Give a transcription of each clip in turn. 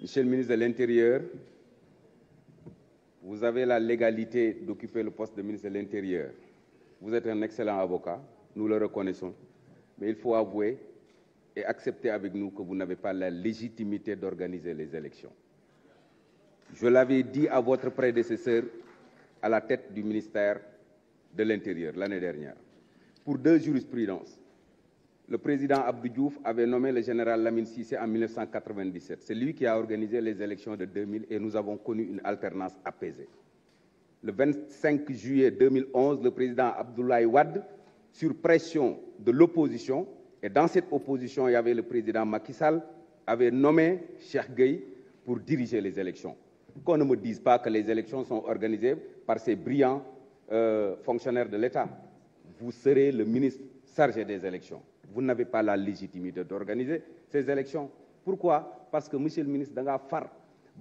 Monsieur le ministre de l'Intérieur, vous avez la légalité d'occuper le poste de ministre de l'Intérieur. Vous êtes un excellent avocat, nous le reconnaissons, mais il faut avouer et accepter avec nous que vous n'avez pas la légitimité d'organiser les élections. Je l'avais dit à votre prédécesseur à la tête du ministère de l'Intérieur l'année dernière, pour deux jurisprudences. le président Abdou Diouf avait nommé le général Lamine Sissé en 1997. C'est lui qui a organisé les élections de 2000 et nous avons connu une alternance apaisée. Le 25 juillet 2011, le président Abdoulaye Wade, sur pression de l'opposition, et dans cette opposition, il y avait président Macky Sall, avait nommé Cheikh Gueye pour diriger les élections. Qu'on ne me dise les élections sont organisées par ces brillants euh, fonctionnaires de l'État. Vous serez le ministre chargé des élections. vous n'avez pas la légitimité d'organiser ces élections pourquoi parce que monsieur le ministre da ngaa far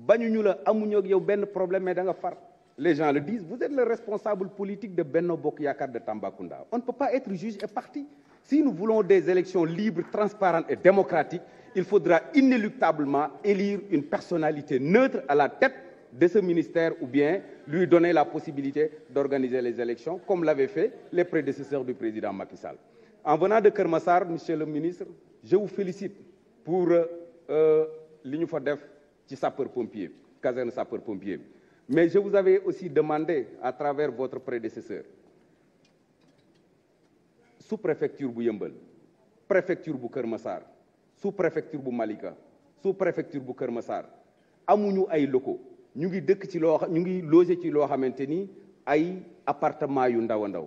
bañuñu la amuñu ak yow benn problème mais da nga far les gens le disent vous êtes le responsable politique de Benno Bokk Yaakaar de Tambacounda on ne peut pas être juge et partie si nous voulons des élections libres transparentes et démocratiques il faudra inéluctablement élire une personnalité neutre à la tête de ce ministère ou bien lui donner la possibilité d'organiser les élections comme l'avaient fait les prédécesseurs du président Macky En venant de Kermassar, Monsieur le ministre, je vous félicite pour euh, euh, l'Union FADEF qui sapeur-pompier, caserne sapeur-pompier. Mais je vous avais aussi demandé, à travers votre prédécesseur, sous-préfecture Bouyembel, préfecture bu Kër Massar sous-préfecture bu Malika sous-préfecture bu Kër Massar amuñu ay locaux ñu ngi dëkk ci loo ñu ngi logé ci loo xamante ni ay appartement yu ndaw a ndaw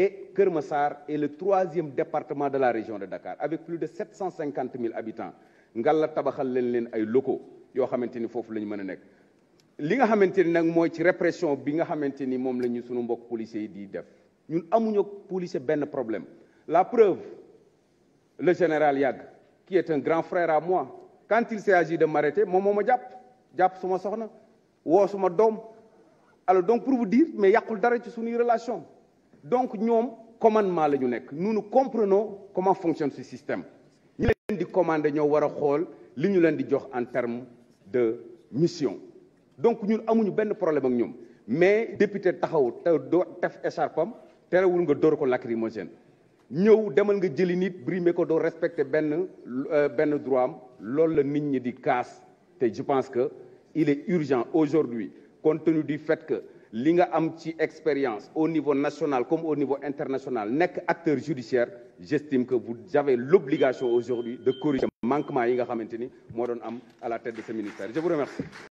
et Kermassar est le troisième département de la région de Dakar avec plus de 750 000 habitants ngalla tabaxal leen leen ay locaux yoo xamante ni foofu la ñu mën a nekk. li nga xamante ni nag mooy ci répression bi nga xamante ni moom la ñu sunu mbokk policiers yi di def ñun amuñu policier benn problème la preuve le général Yagg qui est un grand frère à moi quand il s'agit de m'arrêter moom moo ma jàpp jàpp suma soxna woo suma doom alors donc pour vous dire mais yàqul dara ci suñuy relation donc ñoom commandement la ñu nekk nous nous comprenons comment fonctionne ce système ñi leen di commander ñoo war a xool li ñu leen di jox en terme de mission donc ñun amuñu benn problème ak ñoom mais député taxaw te doo tef écharpam terewul nga door ko lacrymogène ñëw demal nga jëli nit brimé ko doo respecter benn euh, benn droit am loolu la nit ñi di kaas te je pense que il est urgent aujourd'hui compte tenu du fait que li nga am ci expérience au niveau national comme au niveau international nekk acteur judiciaire j'estime que vous avez l'obligation aujourd'hui de corriger manquement yi nga xamante ni moo doon am à la tête de ce ministère je vous remercie